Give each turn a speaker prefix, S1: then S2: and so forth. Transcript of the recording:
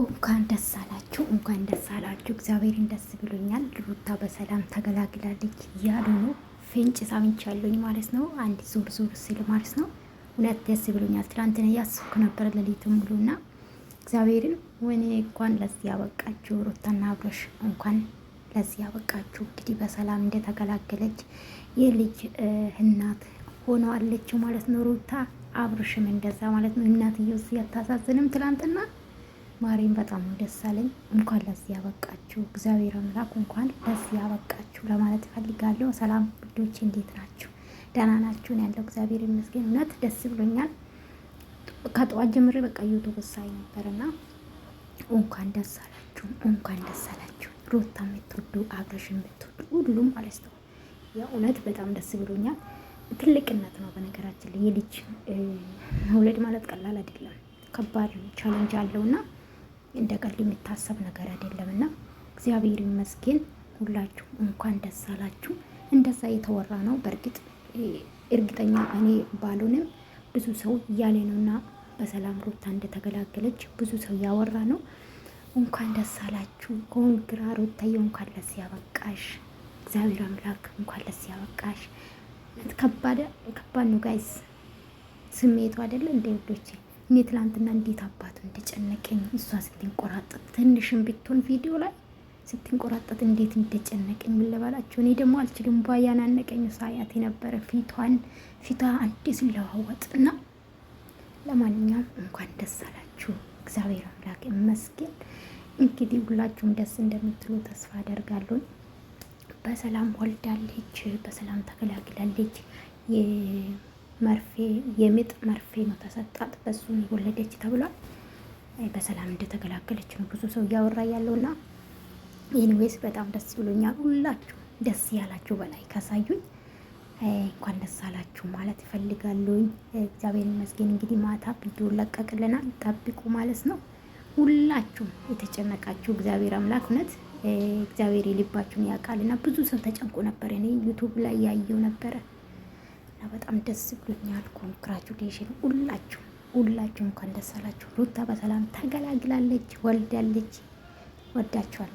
S1: እንኳን ደስ አላችሁ፣ እንኳን ደስ አላችሁ። እግዚአብሔርን ደስ ብሎኛል። ሩታ በሰላም ተገላግላለች እያሉ ነው። ፍንጭ ሳምንች ያለኝ ማለት ነው። አንድ ዞር ዞር ሲል ማለት ነው። እውነት ደስ ብሎኛል። ትናንትና እያስብኩ ነበር ሌሊቱ ሙሉ እና እግዚአብሔርን ወይኔ፣ እንኳን ለዚህ ያበቃችሁ ሩታና አብሮሽ፣ እንኳን ለዚህ ያበቃችሁ። እንግዲህ በሰላም እንደተገላገለች የልጅ እናት ሆነዋለችው ማለት ነው። ሩታ አብሮሽም እንደዛ ማለት ነው። እናትየው ያታሳዝንም ትላንትና ማሬም በጣም ደስ አለኝ። እንኳን ለዚህ ያበቃችሁ፣ እግዚአብሔር አምላክ እንኳን ለዚህ ያበቃችሁ ለማለት እፈልጋለሁ። ሰላም ውዶች፣ እንዴት ናችሁ? ደህና ናችሁን? ያለው እግዚአብሔር ይመስገን። እውነት ደስ ብሎኛል። ከጠዋት ጀምሬ በቃ ዩቱብ ሳይ ነበርና እንኳን ደስ አላችሁ፣ እንኳን ደስ አላችሁ። ሩታ የምትወዱ አብረሽ የምትወዱ ሁሉም ማለት ነው። የእውነት በጣም ደስ ብሎኛል። ትልቅነት ነው በነገራችን ላይ የልጅ መውለድ ማለት ቀላል አይደለም፣ ከባድ ቻለንጅ አለውና እንደ ቀልድ የሚታሰብ ነገር አይደለም እና እግዚአብሔር ይመስገን። ሁላችሁ እንኳን ደስ አላችሁ። እንደዛ የተወራ ነው። በእርግጥ እርግጠኛ እኔ ባልሆንም ብዙ ሰው እያለ ነው እና በሰላም ሩታ እንደተገላገለች ብዙ ሰው እያወራ ነው። እንኳን ደስ አላችሁ። ከሆን ኮንግራ ሩታዬ፣ እንኳን ለስ ያበቃሽ። እግዚአብሔር አምላክ እንኳን ለስ ያበቃሽ። ከባድ ነው ጋይስ፣ ስሜቱ አይደለ እንደ ውዶቼ እኔ ትላንትና እንዴት አባቱ እንደጨነቀኝ እሷ ስትንቆራጠጥ ትንሽም ብትሆን ቪዲዮ ላይ ስትንቆራጠጥ እንዴት እንደጨነቀኝ ምን ልበላችሁ። እኔ ደግሞ አልችልም። ባያናነቀኝ ሳያት የነበረ ፊቷን ፊቷ አንዴ ሲለዋወጥ እና ለማንኛውም እንኳን ደስ አላችሁ። እግዚአብሔር አምላክ ይመስገን። እንግዲህ ሁላችሁም ደስ እንደምትሉ ተስፋ አደርጋለሁ። በሰላም ወልዳለች፣ በሰላም ተገላግላለች። መርፌ የምጥ መርፌ ነው ተሰጣት፣ በሱ የወለደች ተብሏል። በሰላም እንደተገላገለች ነው ብዙ ሰው እያወራ ያለውና ኢንዌስ በጣም ደስ ብሎኛል። ሁላችሁ ደስ ያላችሁ በላይ ካሳዩኝ እንኳን ደስ አላችሁ ማለት ይፈልጋለሁኝ። እግዚአብሔር ይመስገን። እንግዲህ ማታ ቪዲዮ ለቀቅልናል፣ ጠብቁ ማለት ነው። ሁላችሁም የተጨነቃችሁ እግዚአብሔር አምላክ እውነት እግዚአብሔር የልባችሁን ያውቃልና ብዙ ሰው ተጨንቆ ነበር። እኔ ዩቱብ ላይ ያየው ነበረ በጣም ደስ ብሎኛል። ኮንግራቹሌሽን ሁላችሁ ሁላችሁ እንኳን ደስ አላችሁ። ሩታ በሰላም ተገላግላለች፣ ወልዳለች። ወዳችኋል።